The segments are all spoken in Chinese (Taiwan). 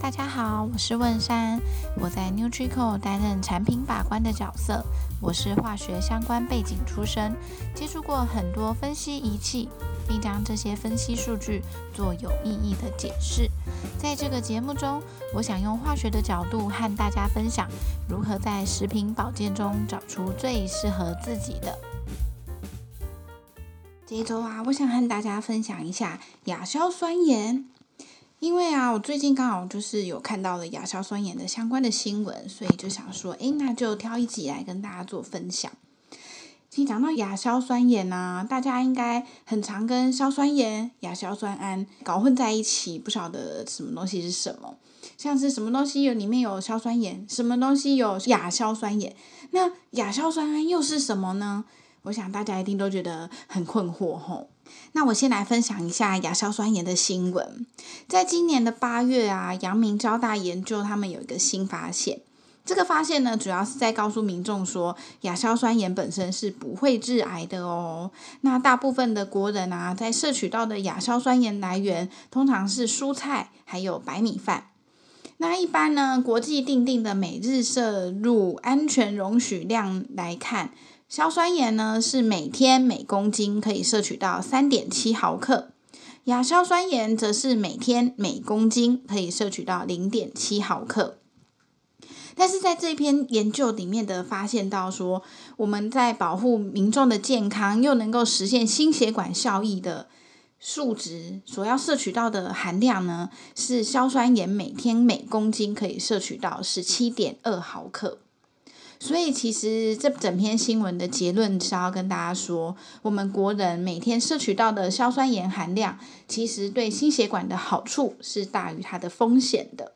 大家好，我是汶珊，我在 NutriCore 擔任產品把關的角色。我是化學相關背景出身，接觸過很多分析儀器，並將這些分析數據做有意義的解釋。在這個節目中，我想用化學的角度和大家分享如何在食品保健中找出最適合自己的。這一週啊，我想和大家分享一下亞硝酸鹽。因為啊，我最近剛好就是有看到了亞硝酸鹽的相關的新聞，所以就想說，誒，那就挑一集來跟大家做分享。其實講到亞硝酸鹽啊，大家應該很常跟硝酸鹽、亞硝酸胺搞混在一起，不曉得什麼東西是什麼，像是什麼東西有裡面有硝酸鹽，什麼東西有亞硝酸鹽，那亞硝酸胺又是什麼呢？我想大家一定都覺得很困惑吼、哦。那我先來分享一下亞硝酸鹽的新聞。在今年的八月啊，陽明交大研究，他們有一個新發現。這個發現呢，主要是在告訴民眾說，亞硝酸鹽本身是不會致癌的哦。那大部分的國人啊，在攝取到的亞硝酸鹽來源，通常是蔬菜還有白米飯。那一般呢，國際訂定的每日攝入安全容許量來看。硝酸鹽呢，是每天每公斤可以攝取到三點七毫克，亞硝酸鹽則是每天每公斤可以攝取到零點七毫克。但是在這篇研究裡面的發現到說，我們在保護民眾的健康又能夠實現心血管效益的數值，所要攝取到的含量呢，是硝酸鹽每天每公斤可以攝取到十七點二毫克。所以，其實這整篇新聞的結論是要跟大家說，我們國人每天攝取到的硝酸鹽含量，其實對心血管的好處是大於它的風險的。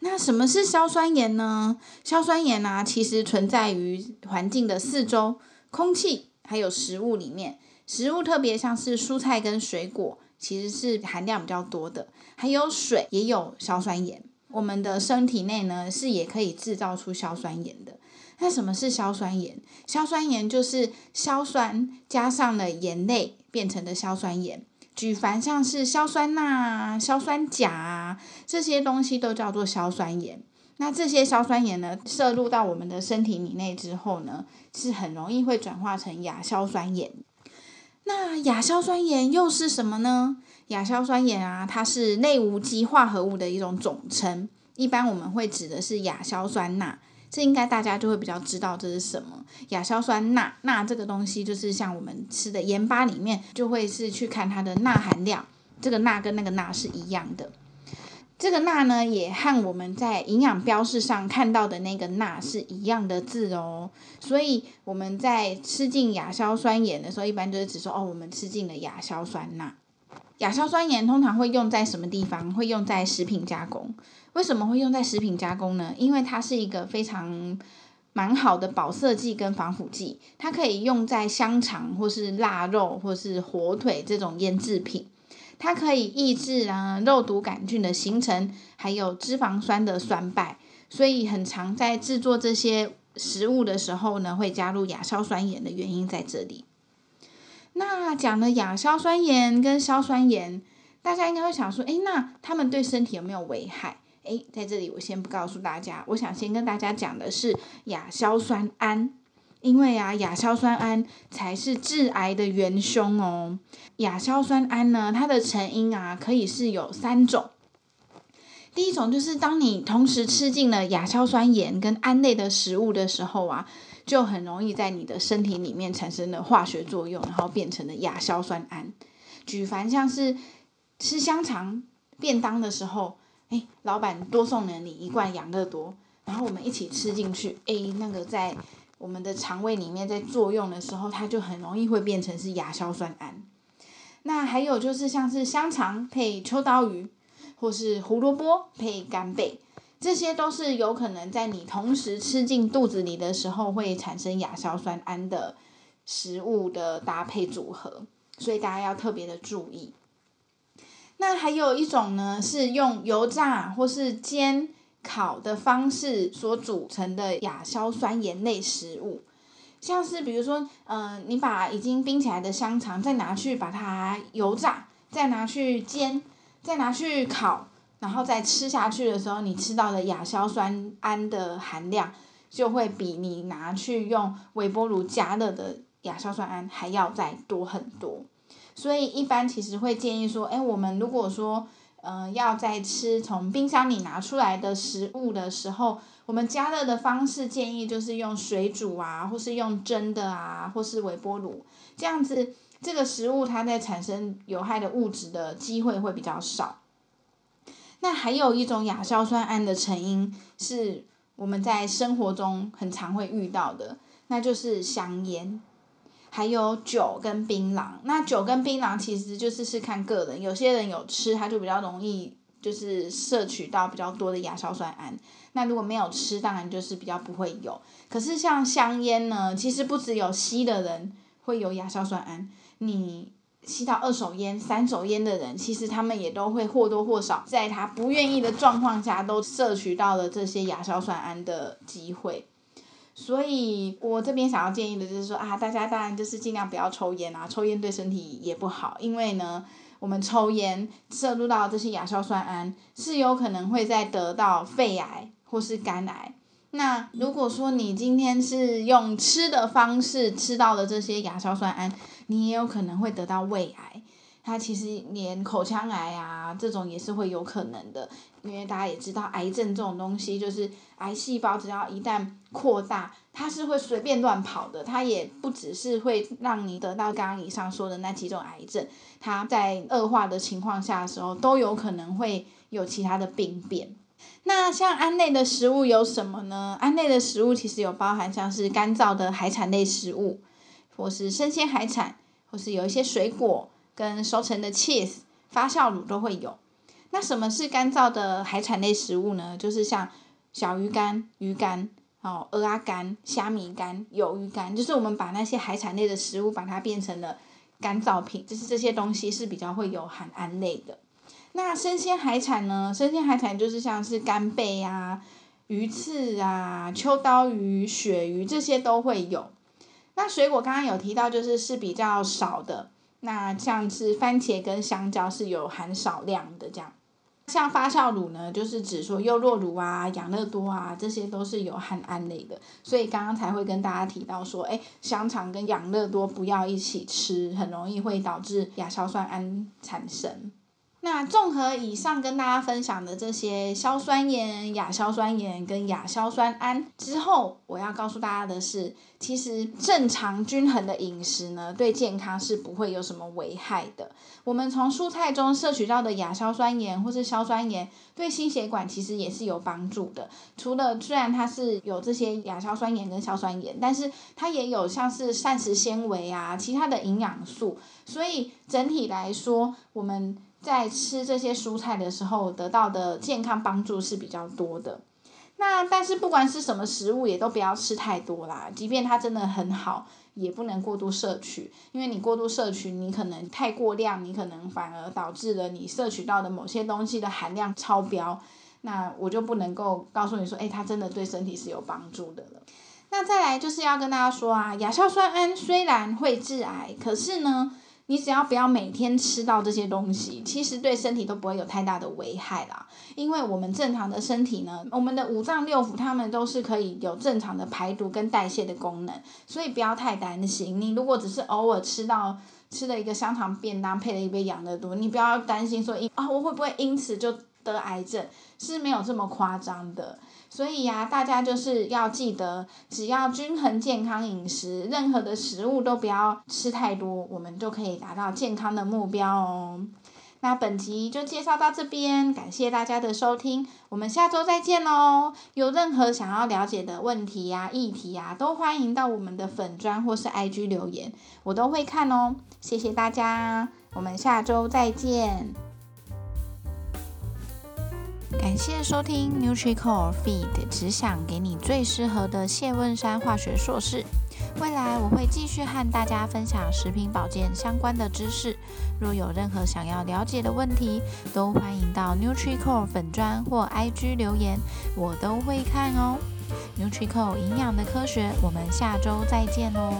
那什麼是硝酸鹽呢？硝酸鹽呢、啊，其實存在於環境的四周、空氣，還有食物裡面。食物特別像是蔬菜跟水果，其實是含量比較多的。還有水也有硝酸鹽。我們的身體內呢，是也可以製造出硝酸鹽的。那什麼是硝酸鹽？硝酸鹽就是硝酸加上了鹽類變成的硝酸鹽。舉凡像是硝酸鈉、硝酸鉀啊，這些東西都叫做硝酸鹽。那這些硝酸鹽呢，攝入到我們的身體裡內之後呢，是很容易會轉化成亞硝酸鹽。那亞硝酸鹽又是什麼呢？亞硝酸鹽啊，它是類無機化合物的一種總稱，一般我們會指的是亞硝酸鈉。這應該大家就會比較知道這是什麼亞硝酸鈉。鈉這個東西就是像我們吃的鹽巴裡面，就會是去看它的鈉含量。這個鈉跟那個鈉是一樣的。這個鈉呢，也和我們在營養標示上看到的那個鈉是一樣的字哦。所以我們在吃進亞硝酸鹽的時候，一般就是指說哦，我們吃進了亞硝酸鈉。亞硝酸鹽通常會用在什麼地方？會用在食品加工。為什麼會用在食品加工呢？因為它是一個非常蠻好的保色劑跟防腐劑，它可以用在香腸或是臘肉或是火腿這種醃製品。它可以抑制呢、啊、肉毒桿菌的形成，還有脂肪酸的酸敗，所以很常在製作這些食物的時候呢，會加入亞硝酸鹽的原因在這裡。那講了亞硝酸鹽跟硝酸鹽，大家應該會想說，誒，那它們對身體有沒有危害？誒，在這裡我先不告訴大家。我想先跟大家講的是亞硝酸胺，因為啊，亞硝酸胺才是致癌的元兇哦。亞硝酸胺呢，它的成因啊，可以是有三種。第一種就是當你同時吃進了亞硝酸鹽跟胺類的食物的時候啊，就很容易在你的身體裡面產生了化學作用，然後變成了亞硝酸胺。舉凡像是吃香腸便當的時候，哎，老闆多送了你一罐養樂多，然後我們一起吃進去，哎，那個在我們的腸胃裡面在作用的時候，它就很容易會變成是亞硝酸胺。那還有就是像是香腸配秋刀魚，或是胡蘿蔔配乾貝，這些都是有可能在你同時吃進肚子裡的時候會產生亞硝酸胺的食物的搭配組合，所以大家要特別的注意。那還有一種呢，是用油炸或是煎烤的方式所組成的亞硝酸鹽類食物，像是比如說，嗯、呃，你把已經冰起來的香腸再拿去把它油炸，再拿去煎。再拿去烤，然後再吃下去的時候，你吃到的亞硝酸胺的含量就會比你拿去用微波爐加熱的亞硝酸胺還要再多很多。所以一般其實會建議說，哎，我們如果說，嗯、呃，要在吃從冰箱裡拿出來的食物的時候，我們加熱的方式建議就是用水煮啊，或是用蒸的啊，或是微波爐這樣子。這個食物它在產生有害的物質的機會會比較少。那還有一種亞硝酸胺的成因是我們在生活中很常會遇到的，那就是香菸，還有酒跟檳榔。那酒跟檳榔其實就是是看個人，有些人有吃他就比較容易就是攝取到比較多的亞硝酸胺。那如果沒有吃，當然就是比較不會有。可是像香菸呢，其實不只有吸的人會有亞硝酸胺。你吸到二手煙、三手煙的人，其實他們也都會或多或少，在他不願意的狀況下，都攝取到了這些亞硝酸胺的機會。所以我這邊想要建議的就是說啊，大家當然就是盡量不要抽煙啊，抽煙對身體也不好，因為呢，我們抽煙攝入到這些亞硝酸胺，是有可能會再得到肺癌或是肝癌。那如果說你今天是用吃的方式吃到了這些亞硝酸胺，你也有可能會得到胃癌。它其實連口腔癌啊這種也是會有可能的，因為大家也知道癌症這種東西，就是癌細胞只要一旦擴大，它是會隨便亂跑的，它也不只是會讓你得到剛剛以上說的那幾種癌症，它在惡化的情況下的時候都有可能會有其他的病變。那像胺類的食物有什麼呢？胺類的食物其實有包含像是乾燥的海產類食物，或是生鮮海產，或是有一些水果跟熟成的 cheese 發酵乳都會有。那什麼是乾燥的海產類食物呢？就是像小魚乾、魚乾、哦蚵仔乾、蝦米乾、魷魚乾，就是我們把那些海產類的食物把它變成了乾燥品，就是這些東西是比較會有含胺類的。那生鮮海產呢？生鮮海產就是像是乾貝啊、魚翅啊、秋刀魚、鱈魚，這些都會有。那水果剛剛有提到，就是是比較少的。那像是番茄跟香蕉是有含少量的這樣。像發酵乳呢，就是指說優酪乳啊、養樂多啊，這些都是有含胺類的。所以剛剛才會跟大家提到說，哎、欸，香腸跟養樂多不要一起吃，很容易會導致亞硝酸胺產生。那綜合以上跟大家分享的這些硝酸鹽、亞硝酸鹽跟亞硝酸胺之後，我要告訴大家的是，其實正常均衡的飲食呢，對健康是不會有什麼危害的。我們從蔬菜中攝取到的亞硝酸鹽或是硝酸鹽，對心血管其實也是有幫助的。除了雖然它是有這些亞硝酸鹽跟硝酸鹽，但是它也有像是膳食纖維啊、其他的營養素，所以整體來說，我們。在吃這些蔬菜的時候，得到的健康幫助是比較多的。那但是不管是什麼食物，也都不要吃太多啦。即便它真的很好，也不能過度攝取，因為你過度攝取，你可能太過量，你可能反而導致了你攝取到的某些東西的含量超標。那我就不能夠告訴你說，誒，它真的對身體是有幫助的了。那再來就是要跟大家說啊，亞硝酸胺雖然會致癌，可是呢。你只要不要每天吃到這些東西，其實對身體都不會有太大的危害啦。因為我們正常的身體呢，我們的五臟六腑，它們都是可以有正常的排毒跟代謝的功能，所以不要太擔心。你如果只是偶爾吃到，吃了一個香腸便當，配了一杯養樂多，你不要擔心說因啊、哦、我會不會因此就得癌症，是沒有這麼誇張的。所以呀、啊，大家就是要記得，只要均衡健康飲食，任何的食物都不要吃太多，我們就可以達到健康的目標哦。那本集就介紹到這邊，感謝大家的收聽，我們下周再見嘍！有任何想要了解的問題呀、啊、議題呀、啊，都歡迎到我們的粉專或是 IG 留言，我都會看哦。謝謝大家，我們下周再見。感謝收聽 Nutricore Feed，只想給你最適合的謝汶珊化學碩士。未來我會繼續和大家分享食品保健相關的知識。若有任何想要了解的問題，都歡迎到 Nutricore 粉專或 IG 留言，我都會看哦。Nutricore 營養的科學，我們下周再見嘍。